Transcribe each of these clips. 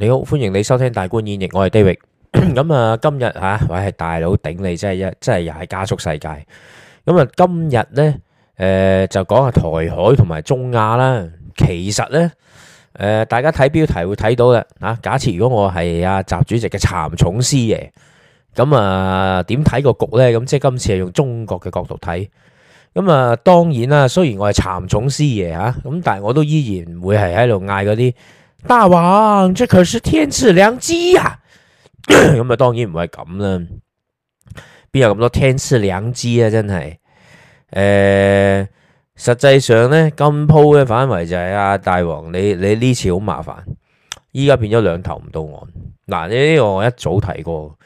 你好，歡迎你收聽大觀演繹，我係 David。咁啊， 今日吓我係大佬頂你，真係一，即係又係加速世界。咁啊，今日呢，誒、呃、就講下台海同埋中亞啦。其實呢，誒、呃、大家睇標題會睇到嘅吓。假設如果我係阿習主席嘅蠶蟲師爺，咁啊點睇個局呢？咁即係今次係用中國嘅角度睇。咁啊，當然啦，雖然我係蠶蟲師爺吓，咁、啊、但係我都依然唔會係喺度嗌嗰啲。大王，這可是天賜良機呀、啊！咁啊， 當然唔係咁啦，邊有咁多天賜良機啊？真係，誒、呃，實際上呢，今鋪嘅範圍就係啊，大王，你你呢次好麻煩，依家變咗兩頭唔到岸。嗱，呢個我一早提過，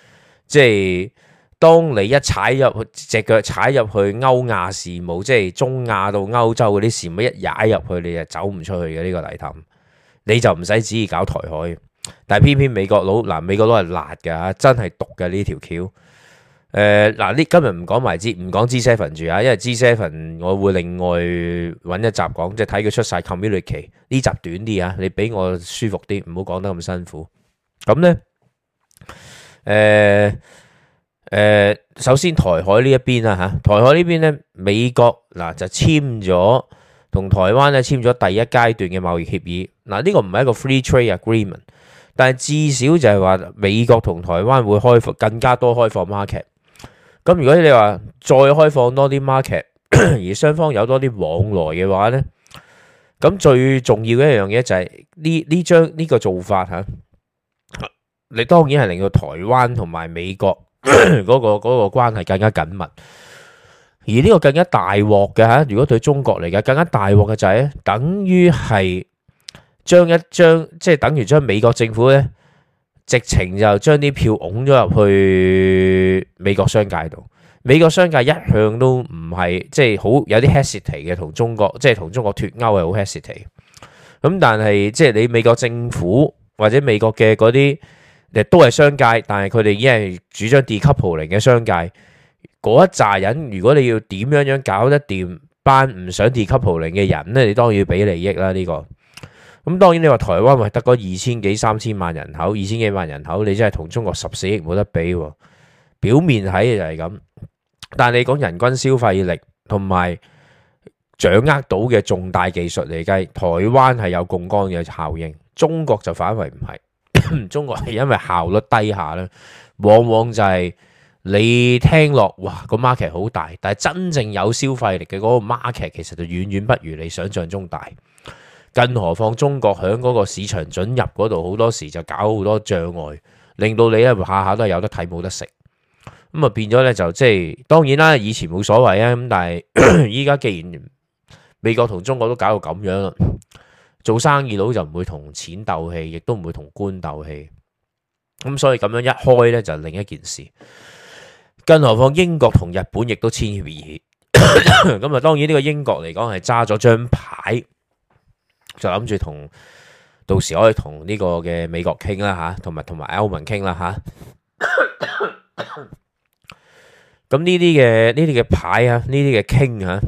即係當你一踩入去，隻腳踩入去歐亞事務，即係中亞到歐洲嗰啲事務，一踩入去，你就走唔出去嘅呢個泥潭。你就唔使旨意搞台海，但係偏偏美國佬嗱、啊，美國佬係辣噶吓、啊，真係毒噶呢條橋。誒，嗱，呢今日唔講埋支唔講 G7 住啊，因為 G7 我會另外揾一集講，即係睇佢出晒 communiqué 呢集短啲啊，你俾我舒服啲，唔好講得咁辛苦。咁、啊、咧，誒、啊、誒、啊啊啊啊啊，首先台海呢一邊啊，吓，台海呢邊咧，美國嗱、啊、就簽咗同台灣咧簽咗第一階段嘅貿易協議，嗱呢，呢個唔係一個 free trade agreement，但係至少就係話美國同台灣會開放更加多開放 market。咁、嗯、如果你話再開放多啲 market， 而雙方有多啲往來嘅話呢，咁、嗯、最重要嘅一樣嘢就係呢呢張呢個做法嚇，你當然係令到台灣同埋美國嗰、 嗰個嗰、嗰個關係更加緊密。而呢個更加大鑊嘅嚇，如果對中國嚟講更加大鑊嘅就係，等於係將一張即係等於將美國政府咧，直情就將啲票拱咗入去美國商界度。美國商界一向都唔係即係好有啲 hesitate 嘅，同中國即係同中國脱鉤係好 hesitate。咁但係即係你美國政府或者美國嘅嗰啲，亦都係商界，但係佢哋已經係主張 decoupling 嚟嘅商界。嗰一扎人，如果你要點樣樣搞得掂班唔想 decoupling 嘅人呢，你當然要俾利益啦。呢個咁當然你話台灣咪得嗰二千幾三千萬人口，二千幾萬人口，你真係同中國十四億冇得比。表面睇就係咁，但係你講人均消費力同埋掌握到嘅重大技術嚟計，台灣係有槓桿嘅效應，中國就反為唔係。 中國係因為效率低下啦，往往就係。你聽落，哇，個 market 好大，但係真正有消費力嘅嗰個 market 其實就遠遠不如你想象中大，更何況中國響嗰個市場准入嗰度好多時就搞好多障礙，令到你咧下下都係有得睇冇得食，咁啊變咗咧就即係當然啦，以前冇所謂啊，咁但係依家既然美國同中國都搞到咁樣啦，做生意佬就唔會同錢鬥氣，亦都唔會同官鬥氣，咁所以咁樣一開咧就另一件事。更何況英國同日本亦都簽咗協議，咁 啊當然呢個英國嚟講係揸咗張牌，就諗住同到時可以同呢個嘅美國傾啦嚇，同埋同埋歐盟傾啦嚇。咁呢啲嘅呢啲嘅牌啊，呢啲嘅傾啊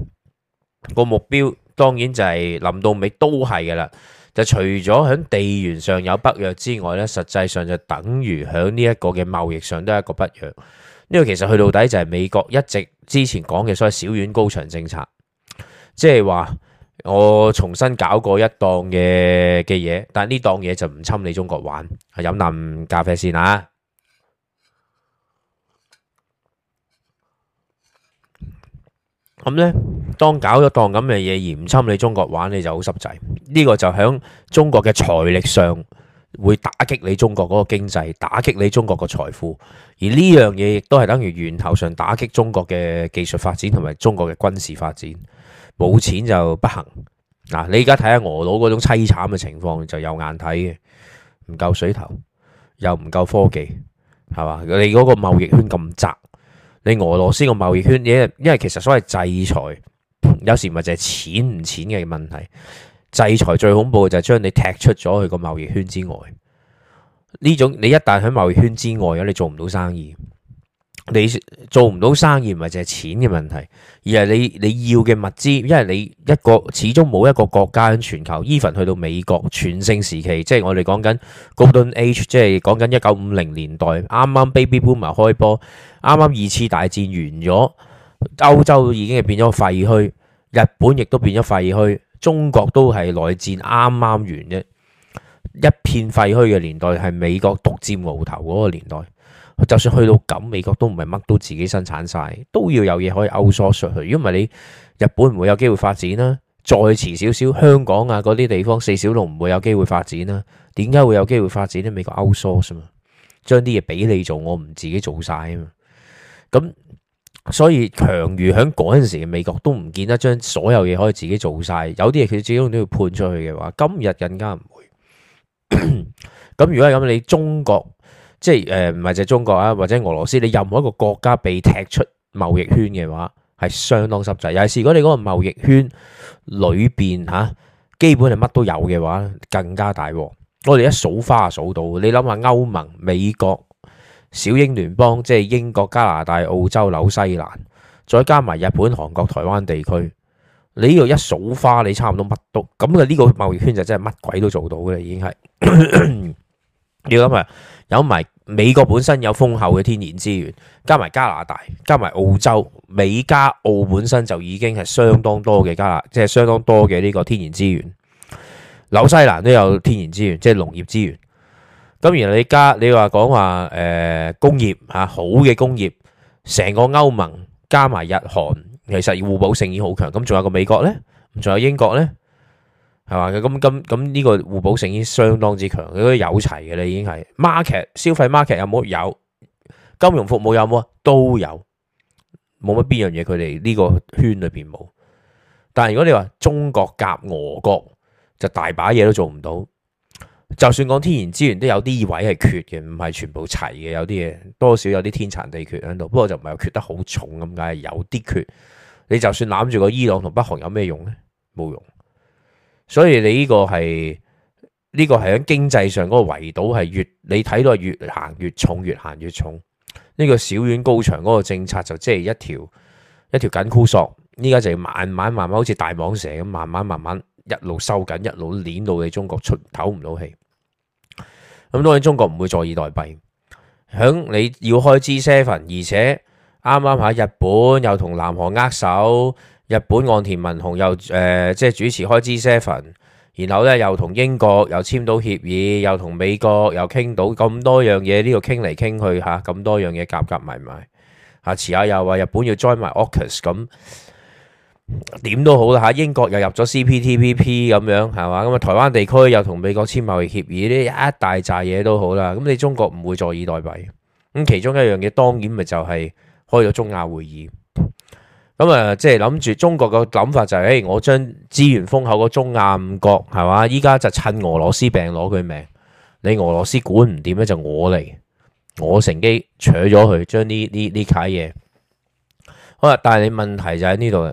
個目標當然就係臨到尾都係嘅啦。就除咗喺地緣上有北約之外咧，實際上就等於喺呢一個嘅貿易上都係一個北約。呢個其實去到底就係美國一直之前講嘅所謂小院高牆政策，即係話我重新搞過一檔嘅嘅嘢，但呢檔嘢就唔侵你中國玩。飲啖咖啡先啊！咁、嗯、呢，當搞咗檔咁嘅嘢而唔侵你中國玩，你就好濕滯。呢、這個就響中國嘅財力上，會打擊你中國嗰個經濟，打擊你中國個財富，而呢樣嘢亦都係等於源頭上打擊中國嘅技術發展同埋中國嘅軍事發展。冇錢就不行。嗱，你而家睇下俄佬嗰種淒慘嘅情況，就有眼睇嘅，唔夠水頭，又唔夠科技，係嘛？你嗰個貿易圈咁窄，你俄羅斯個貿易圈，因為其實所謂制裁，有時咪就係錢唔錢嘅問題。制裁最恐怖嘅就係將你踢出咗佢個貿易圈之外，呢種你一旦喺貿易圈之外啊，你做唔到生意，你做唔到生意唔係淨係錢嘅問題，而係你你要嘅物資，因為你一個始終冇一個國家喺全球。Even 去到美國全盛時期，即係我哋講緊 Golden Age，即係講緊一九五零年代啱啱 Baby Boom 開波，啱啱二次大戰完咗，歐洲已經係變咗廢墟，日本亦都變咗廢墟。中國都係內戰啱啱完啫，一片廢墟嘅年代係美國獨佔鰲頭嗰個年代。就算去到咁，美國都唔係乜都自己生產晒，都要有嘢可以 outsource 出去。如果唔係你，日本唔會有機會發展啦。再遲少少，香港啊嗰啲地方四小龍唔會有機會發展啦。點解會有機會發展呢？美國 outsource 嘛，將啲嘢俾你做，我唔自己做晒啊嘛。咁所以強如喺嗰陣時嘅美國都唔見得將所有嘢可以自己做晒，有啲嘢佢始終都要判出去嘅話，今日更加唔會。咁 如果係咁，你中國即係誒唔係就中國啊，或者俄羅斯，你任何一個國家被踢出貿易圈嘅話，係相當濕滯。尤其是如果你嗰個貿易圈裏邊吓、啊，基本係乜都有嘅話，更加大鑊。我哋一數花數到，你諗下歐盟、美國。小英聯邦即係英國、加拿大、澳洲、紐西蘭，再加埋日本、韓國、台灣地區，你呢度一數花，你差唔多乜都咁嘅呢個貿易圈就真係乜鬼都做到嘅啦，已經係。你諗啊， 有埋美國本身有豐厚嘅天然資源，加埋加拿大、加埋澳洲、美加澳本身就已經係相當多嘅加拿，拿即係相當多嘅呢個天然資源。紐西蘭都有天然資源，即係農業資源。咁然後你加你話講話誒工業吓好嘅工業，成個歐盟加埋日韓，其實互補性已經好強。咁仲有個美國咧，仲有英國咧，係嘛嘅？咁咁咁呢個互補性已經相當之強。佢都有齊嘅啦，已經係 market 消費 market 有冇有？金融服務有冇啊？都有，冇乜邊樣嘢佢哋呢個圈裏邊冇。但係如果你話中國夾俄國，就大把嘢都做唔到。就算講天然資源都有啲位係缺嘅，唔係全部齊嘅，有啲嘢，多少有啲天殘地缺喺度，不過就唔係缺得好重咁，解係有啲缺。你就算攬住個伊朗同北韓有咩用呢？冇用。所以你呢個係呢、呢個係喺經濟上嗰個圍堵係越你睇到係越、越、越行越重，越行越重。呢個小院高牆嗰個政策就即係一條一條緊箍索，依家就要慢慢慢慢，好似大蟒蛇咁，慢慢慢慢。一路收緊，一路碾到你中國出唞唔到氣。咁當然中國唔會坐以待斃，響你要開 G7，而且啱啱喺日本又同南韓握手，日本岸田文雄又誒即係主持開 G7，然後咧又同英國又簽到協議，又同美國又傾到咁多樣嘢，呢度傾嚟傾去嚇，咁多樣嘢夾夾埋埋，下遲下又話日本要 join 埋 AUKUS 咁。點都好啦，吓，英國又入咗 CPTPP 咁樣係嘛，咁啊，台灣地區又同美國簽貿易協議呢一大扎嘢，都好啦，咁你中國唔會坐以待斃，咁其中一樣嘢當然咪就係開咗中亞會議，咁啊，即係諗住中國嘅諗法就係、是，誒、欸、我將資源封口個中亞五國係嘛，依家就趁俄羅斯病攞佢命，你俄羅斯管唔掂咧就我嚟，我乘機取咗佢，將呢呢呢啲嘢好啦，但係你問題就喺呢度。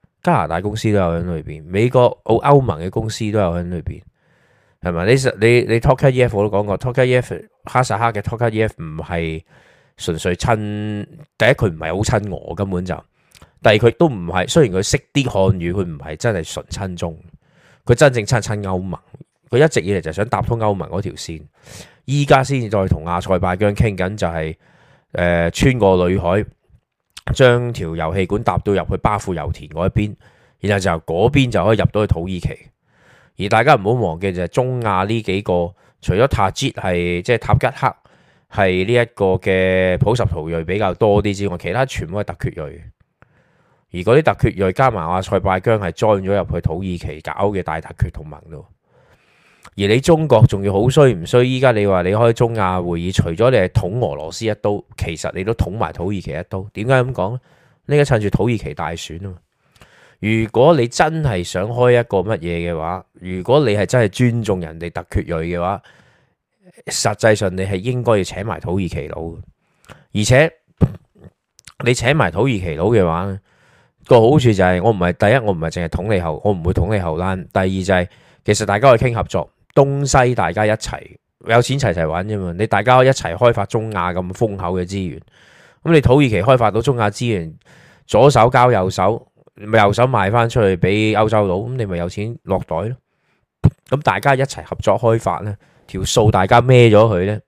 加拿大公司都有喺裏邊，美國、歐歐盟嘅公司都有喺裏邊，係咪？你實你你 Tokayev 我都講過 Tokayev 哈薩克嘅 Tokayev 唔係純粹親，第一佢唔係好親俄根本就，第二，佢都唔係，雖然佢識啲漢語，佢唔係真係純親中，佢真正親親歐盟，佢一直以嚟就想搭通歐盟嗰條線，依家先至再同阿塞拜疆傾緊就係、是、誒、呃、穿過裏海，將條油氣管搭到入去巴庫油田嗰一邊，然後就嗰邊就可以入到去土耳其。而大家唔好忘記就係中亞呢幾個，除咗塔吉克係呢一個嘅普什圖裔比較多啲之外，其他全部係突厥裔。而嗰啲突厥裔加埋阿塞拜疆係 join 咗入去土耳其搞嘅大突厥同盟度。而你中國仲要好衰唔衰？依家你話你開中亞會議，除咗你係捅俄羅斯一刀，其實你都捅埋土耳其一刀。點解咁講？呢個趁住土耳其大選啊！如果你真係想開一個乜嘢嘅話，如果你係真係尊重人哋突厥裔嘅話，實際上你係應該要請埋土耳其佬。而且你請埋土耳其佬嘅話，個好處就係、是、我唔係第一，我唔係淨係捅你後，我唔會捅你後欄。第二就係、是。其實大家可以傾合作，東西大家一齊有錢齊齊揾啫嘛。你大家一齊開發中亞咁豐厚嘅資源，咁你土耳其開發到中亞資源，左手交右手，咪右手賣翻出去俾歐洲佬，咁你咪有錢落袋咯。咁大家一齊合作開發呢，條數大家孭咗佢呢，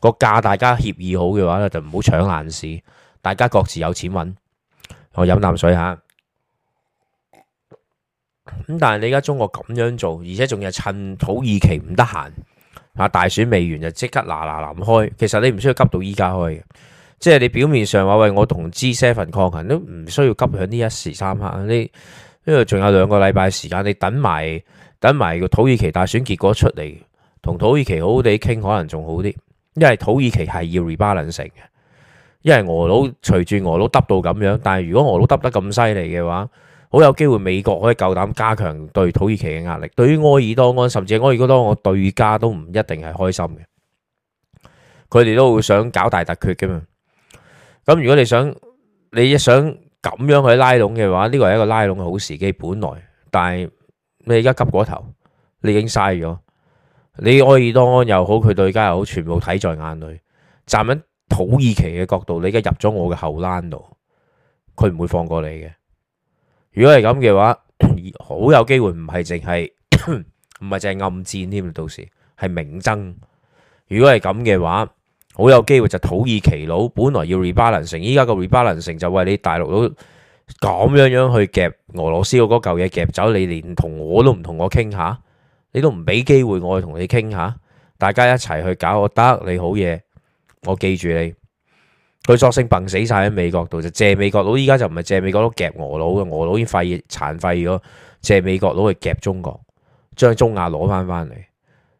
個 價大家協議好嘅話咧，就唔好搶爛市，大家各自有錢揾。我飲啖水吓。咁但係你而家中國咁樣做，而且仲要趁土耳其唔得閒，啊大選未完就即刻嗱嗱臨開，其實你唔需要急到依家開嘅，即係你表面上話喂，我同 G7 抗衡都唔需要急響呢一時三刻，你呢度仲有兩個禮拜時間，你等埋等埋個土耳其大選結果出嚟，同土耳其好好地傾可能仲好啲，因為土耳其係要 rebalance 嘅，因為俄佬隨住俄佬耷到咁樣，但係如果俄佬耷得咁犀利嘅話。好有機會，美國可以夠膽加強對土耳其嘅壓力。對於埃爾多安甚至係埃爾多安，我對家都唔一定係開心嘅。佢哋都會想搞大突厥嘅嘛。咁如果你想，你想咁樣去拉攏嘅話，呢個係一個拉攏嘅好時機。本來，但係你而家急過頭，你已經嘥咗。你埃爾多安又好，佢對家又好，全部睇在眼裏。站喺土耳其嘅角度，你而家入咗我嘅後欄度，佢唔會放過你嘅。如果係咁嘅話，好有機會唔係淨係，唔係淨係暗戰添，到時係明爭。如果係咁嘅話，好有機會就土耳其佬本來要 rebalance 成，依家個 rebalance 成就為你大陸佬咁樣樣去夾俄羅斯嗰嚿嘢，夾走，你連同我都唔同我傾下，你都唔俾機會我去同你傾下，大家一齊去搞我得，你好嘢，我記住你。佢索性笨死晒。喺美國度，就借美國佬，依家就唔係借美國佬夾俄佬嘅，俄佬已經廢殘廢咗，借美國佬去夾中國，將中亞攞翻翻嚟。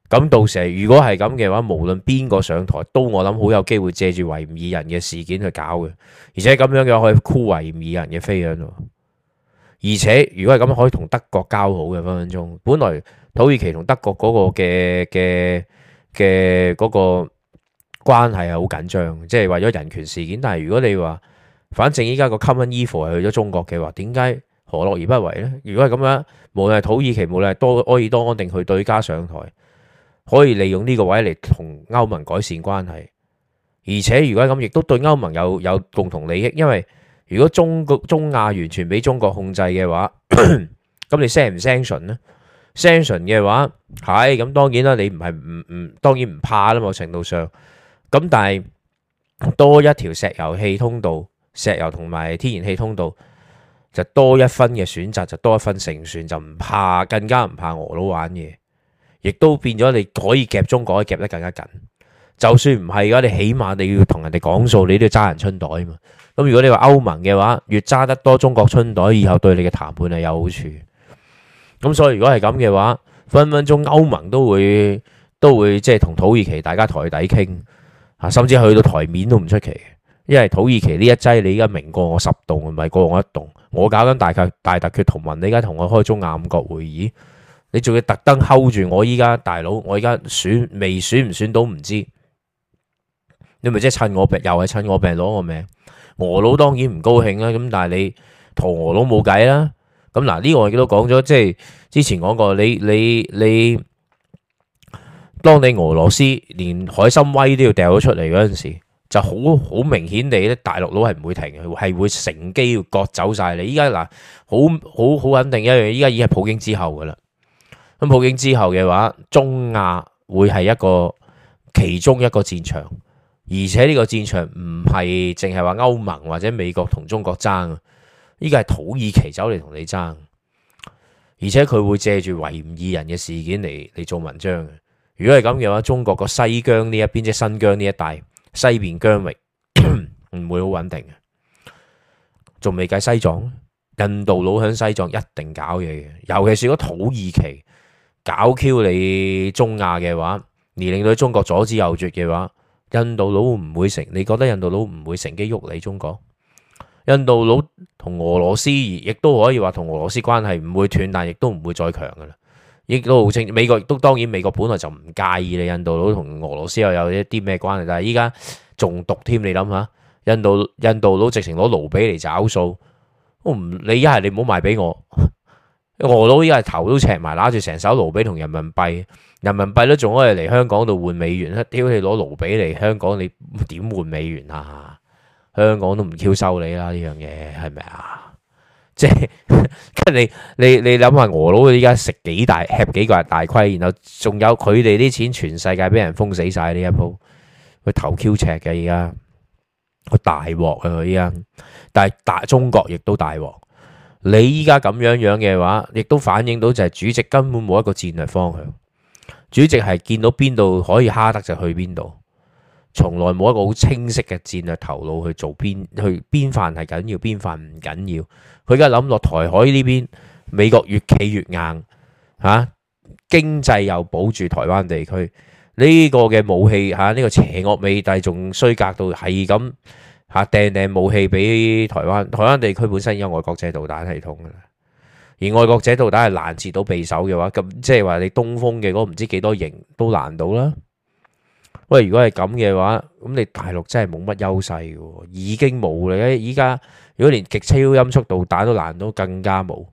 咁到時如果係咁嘅話，無論邊個上台，都我諗好有機會借住維吾爾人嘅事件去搞嘅，而且咁樣嘅話可以箍維吾爾人嘅飛喺度，而且如果係咁，可以同德國交好嘅分分鐘。本來土耳其同德國嗰個嘅嘅嘅嗰關係係好緊張，即係為咗人權事件。但係如果你話，反正依家個 Common Evil 係去咗中國嘅話，點解何樂而不為呢？如果係咁樣，無論係土耳其，無論係多埃爾多安定佢對家上台，可以利用呢個位嚟同歐盟改善關係。而且如果咁，亦都對歐盟有有共同利益，因為如果中國中亞完全俾中國控制嘅話，咁 你 san 唔 sanction 呢？sanction 嘅話係咁、哎，當然啦，你唔係唔唔，當然唔怕啦。某程度上。咁但係多一條石油氣通道、石油同埋天然氣通道，就多一分嘅選擇，就多一分成算，就唔怕更加唔怕俄佬玩嘢，亦都變咗你可以夾中國，可以夾得更加緊。就算唔係嘅，你起碼你要同人哋講數，你都要揸人春袋啊嘛。咁如果你話歐盟嘅話，越揸得多中國春袋，以後對你嘅談判係有好處。咁所以如果係咁嘅話，分分鐘歐盟都會都會即係同土耳其大家台底傾。甚至去到台面都唔出奇，因為土耳其呢一劑你依家明過我十棟，唔係過我一棟，我搞緊大大突厥同盟，你而家同我開中亞五國會議，你仲要特登 hold 住我依家大佬，我依家選未選唔選到唔知，你咪即係趁我病，又係趁我病攞我命，俄佬當然唔高興啦，咁但係你同俄佬冇計啦，咁嗱呢個我亦都講咗，即係之前講過，你你你。你當你俄羅斯連海參崴都要掉咗出嚟嗰陣時，就好好明顯地咧，大陸佬係唔會停嘅，係會乘機要割走晒你。依家嗱，好好好肯定一樣，依家已經係普京之後噶啦。咁普京之後嘅話，中亞會係一個其中一個戰場，而且呢個戰場唔係淨係話歐盟或者美國同中國爭，依家係土耳其走嚟同你爭，而且佢會借住維吾爾人嘅事件嚟嚟做文章嘅。如果係咁嘅話，中國個西疆呢一邊，即係新疆呢一帶西邊疆域唔 會好穩定，仲未計西藏。印度佬響西藏一定搞嘢嘅，尤其是如土耳其搞 Q 你中亞嘅話，而令到中國左支右絀嘅話，印度佬唔會成。你覺得印度佬唔會乘機喐你中國？印度佬同俄羅斯亦都可以話，同俄羅斯關係唔會斷，但亦都唔會再強噶啦。亦都好清，美國亦都當然美國本來就唔介意你印度佬同俄羅斯又有一啲咩關係，但係依家仲毒添，你諗下，印度印度佬直情攞盧比嚟找數，我唔你一係你唔好賣俾我，俄佬一係頭都赤埋，拿住成手盧比同人民幣，人民幣都仲可以嚟香港度換美元，一丟你攞盧比嚟香港，你點換美元啊？香港都唔挑收你啦，呢樣嘢係咪啊？即係，跟 你你你諗下，俄佬佢而家食幾大吃幾個大虧，然後仲有佢哋啲錢全世界俾人封死晒呢一鋪，佢頭 Q 赤嘅而家，佢大鑊啊佢而家，但係大中國亦都大鑊。你依家咁樣樣嘅話，亦都反映到就係主席根本冇一個戰略方向。主席係見到邊度可以蝦得就去邊度。從來冇一個好清晰嘅戰略頭腦去做邊去邊範係緊要，邊範唔緊要。佢而家諗落台海呢邊，美國越企越硬，吓、啊、經濟又保住台灣地區呢、啊啊這個嘅武器吓、呢、啊這個邪惡美帝仲衰格到係咁吓掟掟武器俾台灣，台灣地區本身有愛國者導彈系統嘅，而愛國者導彈係攔截到匕首嘅話，咁即係話你東風嘅嗰唔知幾多型都攔到啦。喂，如果係咁嘅話，咁你大陸真係冇乜優勢嘅，已經冇啦。依家如果連極超音速導彈都攔到，更加冇。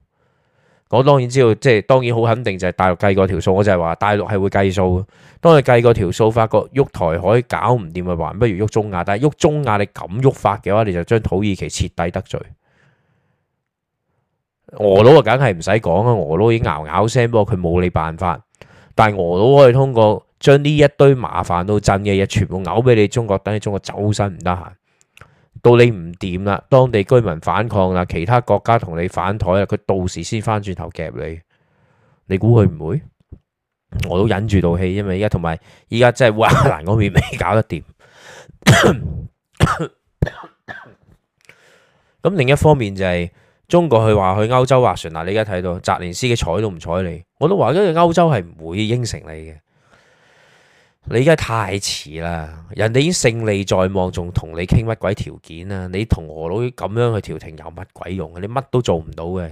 我當然知道，即係當然好肯定就係大陸計過條數。我就係話大陸係會計數嘅。當你計過條數，發覺喐台海搞唔掂咪還不如喐中亞。但係喐中亞你咁喐法嘅話，你就將土耳其徹底得罪。俄佬啊，梗係唔使講啦，俄佬已經咬咬聲，不過佢冇你辦法。但係俄佬可以通過。將呢一堆麻煩到震嘅嘢，全部嘔俾你中國，等你中國走身唔得閒，到你唔掂啦，當地居民反抗啦，其他國家同你反台啦，佢到時先翻轉頭夾你，你估佢唔會？我都忍住道氣，因為依家同埋依家真係烏克蘭嗰面未搞得掂。咁 另一方面就係、是、中國，佢話去歐洲話算嗱，你而家睇到澤連斯基嘅睬都唔睬你，我都話咗，歐洲係唔會應承你嘅。你而家太遲啦，人哋已經勝利在望，仲同你傾乜鬼條件啊？你同俄佬咁樣去調停有乜鬼用啊？你乜都做唔到嘅。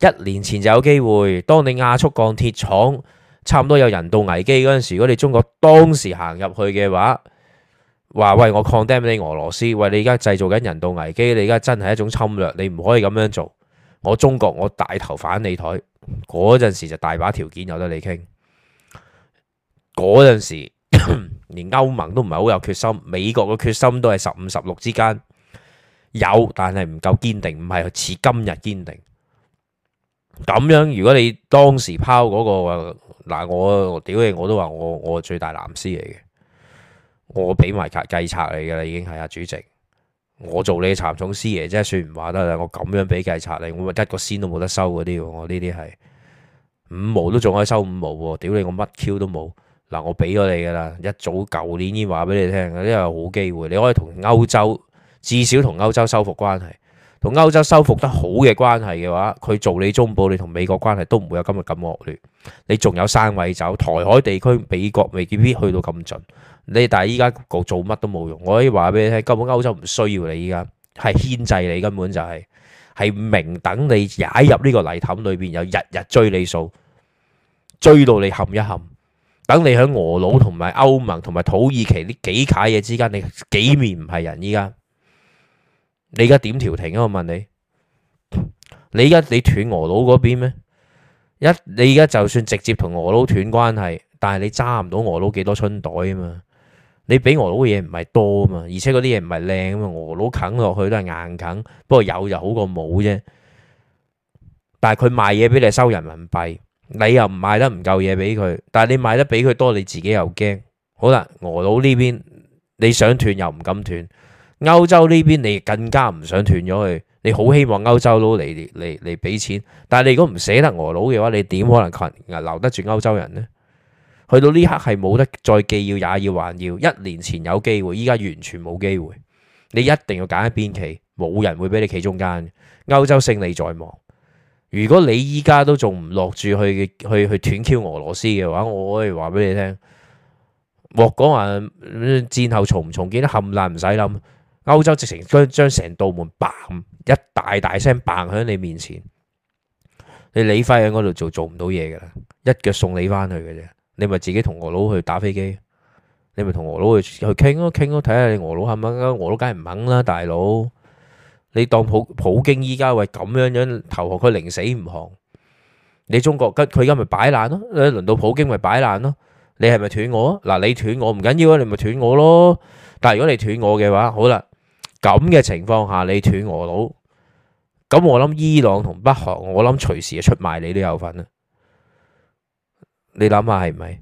一年前就有機會，當你亞速鋼鐵廠差唔多有人道危機嗰陣時，如果你中國當時行入去嘅話，話喂我 condemn 你俄羅斯，喂，你而家製造緊人道危機，你而家真係一種侵略，你唔可以咁樣做。我中國我大頭反你台，嗰陣時就大把條件有得你傾。嗰陣那時， 連歐盟都唔係好有決心，美國嘅決心都係十五十六之間有，但係唔夠堅定，唔係似今日堅定。咁樣如果你當時拋嗰、那個嗱，我屌你，我都話我我最大藍絲嚟嘅，我俾埋計策你噶啦，已經係啊主席，我做你嘅蠶總師爺，真係算唔話得啦。我咁樣俾計策你，我咪得個仙都冇得收嗰啲，我呢啲係五毛都仲可以收五毛，屌你，我乜 Q 都冇。嗱，我俾咗你㗎喇，一早舊年已經話俾你聽，呢個好機會，你可以同歐洲至少同歐洲修復關係，同歐洲修復得好嘅關係嘅話，佢做你中部，你同美國關係都唔會有今日咁惡劣。你仲有三位走台海地區，美國未必去到咁盡。你但係依家做乜都冇用，我可以話俾你聽，根本歐洲唔需要你，依家係牽制你，根本就係係明等你踩入呢個泥氹裏邊，又日日追你數，追到你冚一冚。等你喺俄佬同埋歐盟同埋土耳其呢幾架嘢之間，你幾面唔係人依家？你而家點調停啊？我問你，你而家你斷俄佬嗰邊咩？一你而家就算直接同俄佬斷關係，但係你揸唔到俄佬幾多春袋啊嘛？你俾俄佬嘅嘢唔係多啊嘛？而且嗰啲嘢唔係靚啊嘛？俄佬啃落去都係硬啃，不過有就好過冇啫。但係佢賣嘢俾你收人民幣。你又唔賣得唔夠嘢俾佢，但係你賣得比佢多，你自己又驚。好啦，俄佬呢邊你想斷又唔敢斷，歐洲呢邊你更加唔想斷咗佢，你好希望歐洲佬嚟嚟嚟俾錢，但係你如果唔捨得俄佬嘅話，你點可能留得住歐洲人呢？去到呢刻係冇得再既要，也要還要。一年前有機會，依家完全冇機會。你一定要揀一邊企，冇人會俾你企中間。歐洲勝利在望。如果你依家都仲唔落住去去去斷 Q 俄羅斯嘅話，我可以話俾你聽，莫講話戰後重唔重建得冚爛唔使諗，歐洲直情將將成道門嘭一大大聲嘭喺你面前，你李輝喺嗰度做做唔到嘢㗎啦，一腳送你翻去嘅啫，你咪自己同俄佬去打飛機，你咪同俄佬去去傾咯，傾咯，睇下你俄佬肯唔肯，俄佬梗係唔肯啦，大佬。你當普普京依家為咁樣樣投降，佢寧死唔降。你中國佢佢而家咪擺爛咯，輪到普京咪擺爛咯。你係咪斷我？嗱，你斷我唔緊要啊，你咪斷我咯。但係如果你斷我嘅話，好啦，咁嘅情況下你斷我佬，咁我諗伊朗同北韓，我諗隨時出賣你都有份啊。你諗下係咪？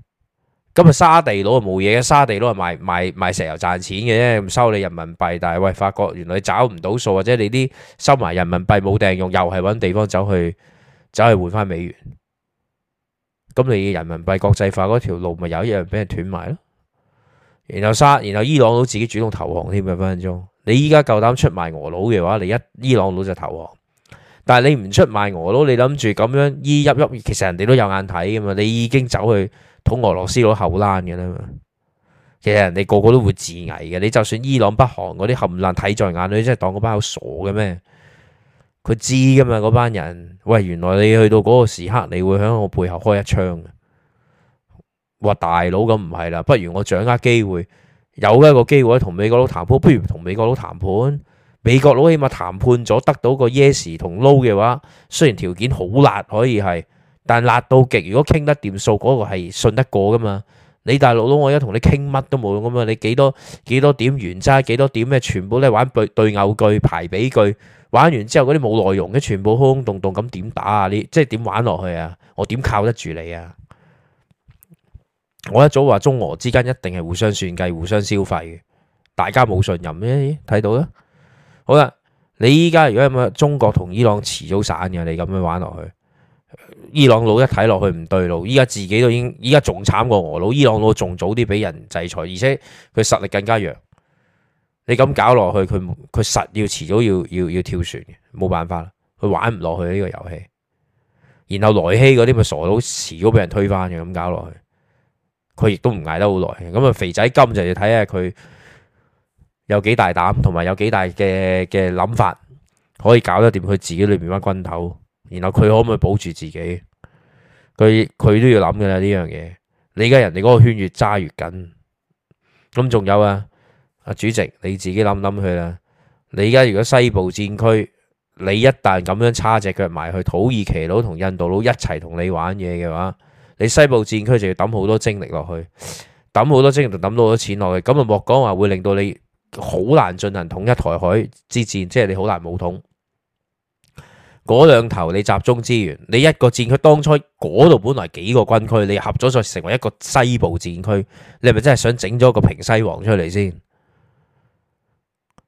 咁啊沙地佬啊冇嘢嘅，沙地佬係賣賣賣石油賺錢嘅啫，收你人民幣。但係喂，發覺原來你找唔到數，或者你啲收埋人民幣冇定用，又係搵地方走去走去換翻美元。咁你人民幣國際化嗰條路咪又一樣俾人斷埋咯。然後沙，然後伊朗佬自己主動投降添啊！分分鐘，你依家夠膽出賣俄佬嘅話，你一伊朗佬就投降。但係你唔出賣俄佬，你諗住咁樣依一一，其實人哋都有眼睇噶嘛。你已經走去。捅俄羅斯佬後欄嘅啦嘛，其實人哋個個都會自危嘅。你就算伊朗、北韓嗰啲冚唪唥睇在眼裏，真係當嗰班好傻嘅咩？佢知噶嘛？嗰班人，喂，原來你去到嗰個時刻，你會喺我背後開一槍嘅。哇，大佬咁唔係啦，不如我掌握機會，有一個機會同美國佬談判，不如同美國佬談判，美國佬起碼談判咗得到個 yes 同 no 嘅話，雖然條件好辣，可以係。但辣到極，如果傾得掂數，嗰、那個係信得過噶嘛？你大陸佬，我而家同你傾乜都冇用噶嘛？你幾多幾多點原渣，幾多點咩？全部都玩對對偶句、排比句，玩完之後嗰啲冇內容嘅，全部空空洞洞咁點打啊？你即係點玩落去啊？我點靠得住你啊？我一早話中俄之間一定係互相算計、互相消費嘅，大家冇信任咩？睇、欸、到啦，好啦，你依家如果咁樣，中國同伊朗遲早散嘅，你咁樣玩落去。伊朗佬一睇落去唔對路，依家自己都已經，依家仲慘過俄佬。伊朗佬仲早啲俾人制裁，而且佢實力更加弱。你咁搞落去，佢佢實要遲早要要要跳船，冇辦法啦，佢玩唔落去呢個遊戲。然後萊希嗰啲咪傻佬，遲早俾人推翻嘅，咁搞落去，佢亦都唔捱得好耐。咁啊，肥仔金就要睇下佢有幾大膽，同埋有幾大嘅嘅諗法，可以搞得掂佢自己裏面班軍頭。然後佢可唔可以保住自己？佢佢都要諗噶啦呢樣嘢。你而家人哋嗰個圈越揸越緊，咁、嗯、仲有啊？阿主席你自己諗諗佢啦。你而家如果西部戰區，你一旦咁樣叉隻腳埋去，土耳其佬同印度佬一齊同你玩嘢嘅話，你西部戰區就要抌好多精力落去，抌好多精力就抌到好多錢落去，咁啊莫講話會令到你好難進行統一台海之戰，即係你好難武統。嗰兩頭你集中資源，你一個戰區當初嗰度本來幾個軍區，你合咗就成為一個西部戰區，你係咪真係想整咗個平西王出嚟先？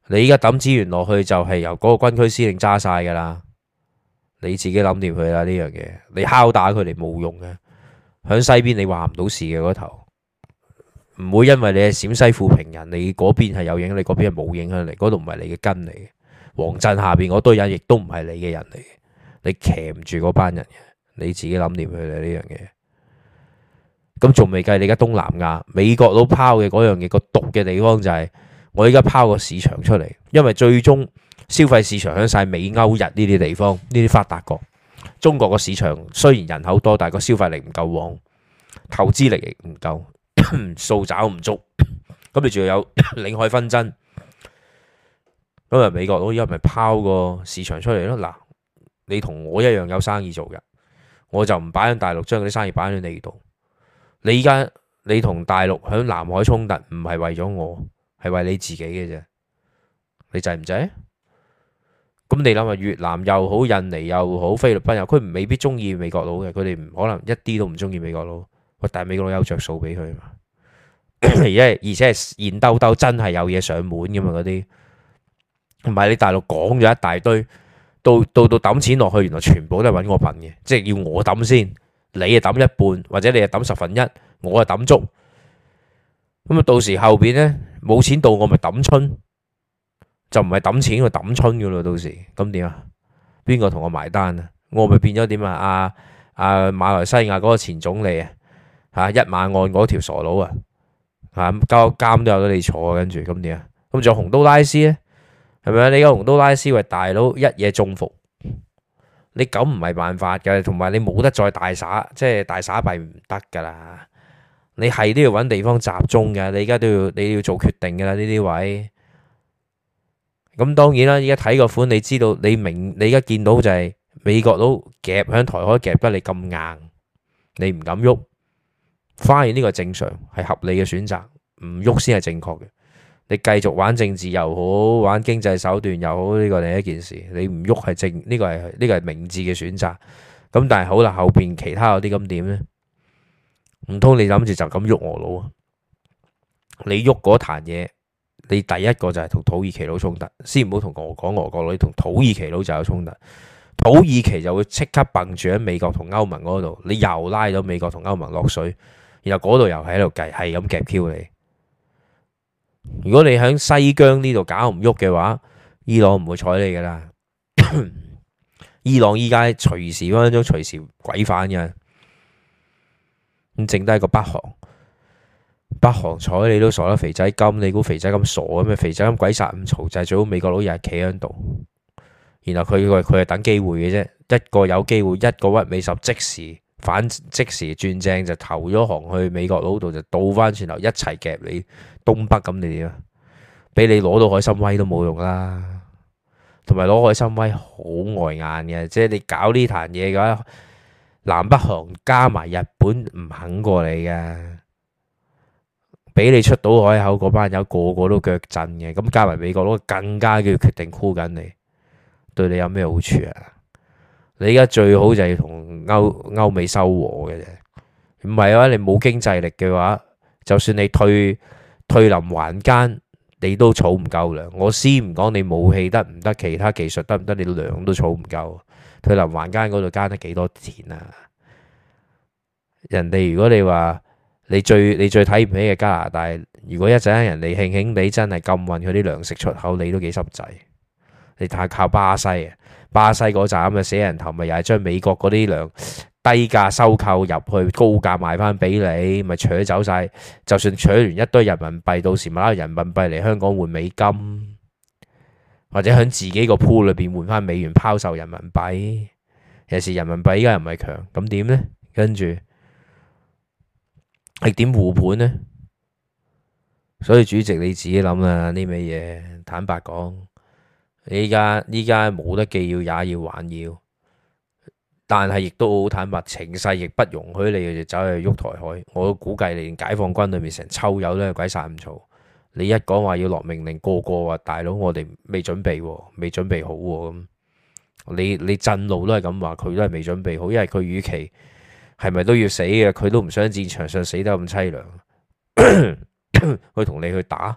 你依家抌資源落去就係由嗰個軍區司令揸晒噶啦，你自己諗掂佢啦呢樣嘢，你敲打佢哋冇用嘅，響西邊你話唔到事嘅嗰頭，唔會因為你係陝西富平人，你嗰邊係有影響，你嗰邊係冇影響力，嗰度唔係你嘅根嚟。王震下邊嗰堆人亦都唔係你嘅人嚟，你騎唔住嗰班人嘅，你自己諗掂佢哋呢樣嘢。咁仲未計你而家東南亞、美國都拋嘅嗰樣嘢，個獨嘅地方就係、是、我而家拋個市場出嚟，因為最終消費市場響晒美、歐、日呢啲地方，呢啲發達國中國個市場雖然人口多，但係個消費力唔夠旺，投資力唔夠，數找唔足。咁你仲要有領海紛爭。因為美國佬依家咪拋個市場出嚟咯，嗱，你同我一樣有生意做嘅，我就唔擺喺大陸，將嗰啲生意擺喺你度。你而家你同大陸響南海衝突，唔係為咗我，係為你自己嘅啫。你制唔制？咁你諗下，越南又好，印尼又好，菲律賓又好，佢唔未必中意美國佬嘅，佢哋唔可能一啲都唔中意美國佬。喂，但係美國佬有着數俾佢啊嘛， 而且而且係現兜兜真係有嘢上門㗎嘛嗰啲。同埋你大陸講咗一大堆，到到到抌錢落去，原來全部都係揾我笨嘅，即係要我抌先，你啊抌一半，或者你啊抌十分一，我啊抌足，咁啊到時後邊咧冇錢到我咪抌春，就唔係抌錢，我抌春噶啦，到時咁點啊？邊個同我埋單啊？我咪變咗點啊？阿阿馬來西亞嗰個前總理啊，吓一馬案嗰條傻佬啊，吓交監都有得你坐，跟住咁點啊？咁仲有洪都拉斯咧？係咪？你個洪都拉斯喂，大佬一嘢中伏，你咁唔係辦法嘅，同埋你冇得再大撒，即係大撒幣唔得噶啦。你係都要搵地方集中嘅，你而家都要你要做決定噶啦呢啲位。咁當然啦，而家睇個款，你知道你明，你而家見到就係美國佬夾響台海夾得你咁硬，你唔敢喐，反而呢個正常係合理嘅選擇，唔喐先係正確嘅。你繼續玩政治又好，玩經濟手段又好，呢個第一件事，你唔喐係正，呢個係呢個係明智嘅選擇。咁但係好啦，後邊其他嗰啲咁點呢？唔通你諗住就咁喐俄佬啊？你喐嗰壇嘢，你第一個就係同土耳其佬衝突，先唔好同俄講俄國佬，你同土耳其佬就有衝突。土耳其就會即刻崩住喺美國同歐盟嗰度，你又拉到美國同歐盟落水，然後嗰度又喺度計，係咁夾漂你。如果你喺西疆呢度搞唔喐嘅話，伊朗唔會睬你噶啦。 伊朗依家隨時分分鐘隨時鬼反嘅，咁剩低個北韓，北韓睬你都傻啦，肥仔金，你估肥仔咁傻咩？肥仔咁鬼殺咁嘈就係、是、最好美國佬日日企喺度，然後佢以為佢佢係等機會嘅啫，一個有機會一個屈美十即時。反即時轉正，就投咗行去美國佬度，就倒返轉頭一齊夾你東北，咁你點啊？畀你攞到海參崴都冇用啦，同埋攞海參崴好礙眼嘅，即係你搞呢壇嘢嘅話，南北韓加埋日本唔肯過你嘅，畀你出到海口嗰班友個個都腳震嘅，咁加埋美國佬更加要決定箍緊你，對你有咩好處啊？你而家最好就係同歐歐美修和嘅啫，唔係嘅話，你冇經濟力嘅話，就算你退退林還耕，你都儲唔夠糧。我先唔講你武器得唔得，其他技術得唔得，你糧都儲唔夠。退林還耕嗰度耕得幾多田啊？人哋如果你話你最你最睇唔起嘅加拿大，如果一陣間人哋慶慶你真係禁運佢啲糧食出口，你都幾濕滯。你太靠巴西啊！巴西嗰站啊，死人頭咪又係將美國嗰啲糧低價收購入去，高價賣返畀你，咪搶走晒。就算搶完一堆人民幣，到時咪攞人民幣嚟香港換美金，或者響自己個 pool 裏邊換翻美元拋售人民幣。尤其是人民幣依家又唔係強，咁點呢？跟住係點護盤呢？所以主席你自己諗啦、啊，呢味嘢坦白講。你依家依家冇得既要也要還要，但係亦都好坦白，情勢亦不容許你哋走去喐台海。我估計你連解放軍裏面成秋友都係鬼殺咁嘈。你一講話要落命令，個個話大佬我哋未準備，未準備好咁。你你震怒都係咁話，佢都係未準備好，因為佢與其係咪都要死嘅，佢都唔想戰場上死得咁淒涼。佢同 你去打。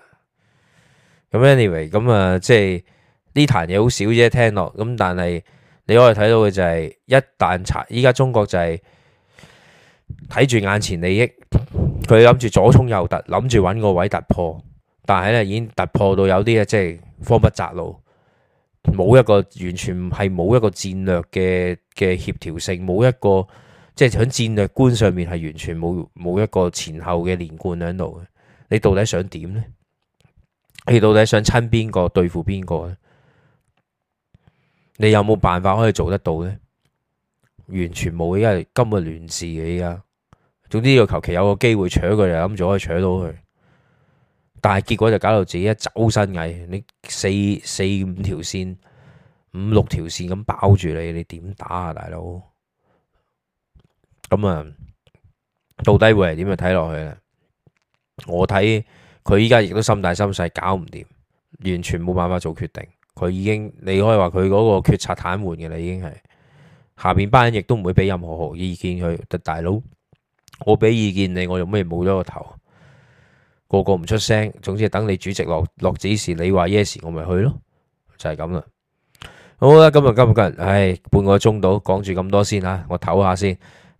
咁，anyway，咁啊，即係呢壇嘢好少啫，聽落。咁但係你可以睇到嘅就係，一旦查，依家中國就係睇住眼前利益，佢諗住左衝右突，諗住揾個位突破。但係咧已經突破到有啲咧，即係慌不擇路，冇一個完全係冇一個戰略嘅嘅協調性，冇一個即係喺戰略觀上面係完全冇冇一個前後嘅連貫喺度嘅。你到底想點咧？你到底想親邊個對付邊個咧？你有冇辦法可以做得到呢？完全冇，因為今日亂世嘅！依家，總之要求其有個機會，搶佢就諗住可以搶到佢。但係結果就搞到自己一走身蟻，你四四五條線、五六條線咁包住你，你點打啊，大佬？咁、嗯、啊，到底會係點樣睇落去呢？我睇。佢依家亦都心大心細，搞唔掂，完全冇辦法做決定。佢已經你可以話佢嗰個決策癱瘓嘅啦，已經係下面班人亦都唔會俾任何好意見佢。大佬，我俾意見你，我又咩冇咗個頭？個個唔出聲，總之等你主席落落指示，你話 yes 時，我咪去咯，就係咁啦。好啦，今日今日唉半個鐘到，講住咁多先吓，我唞下先。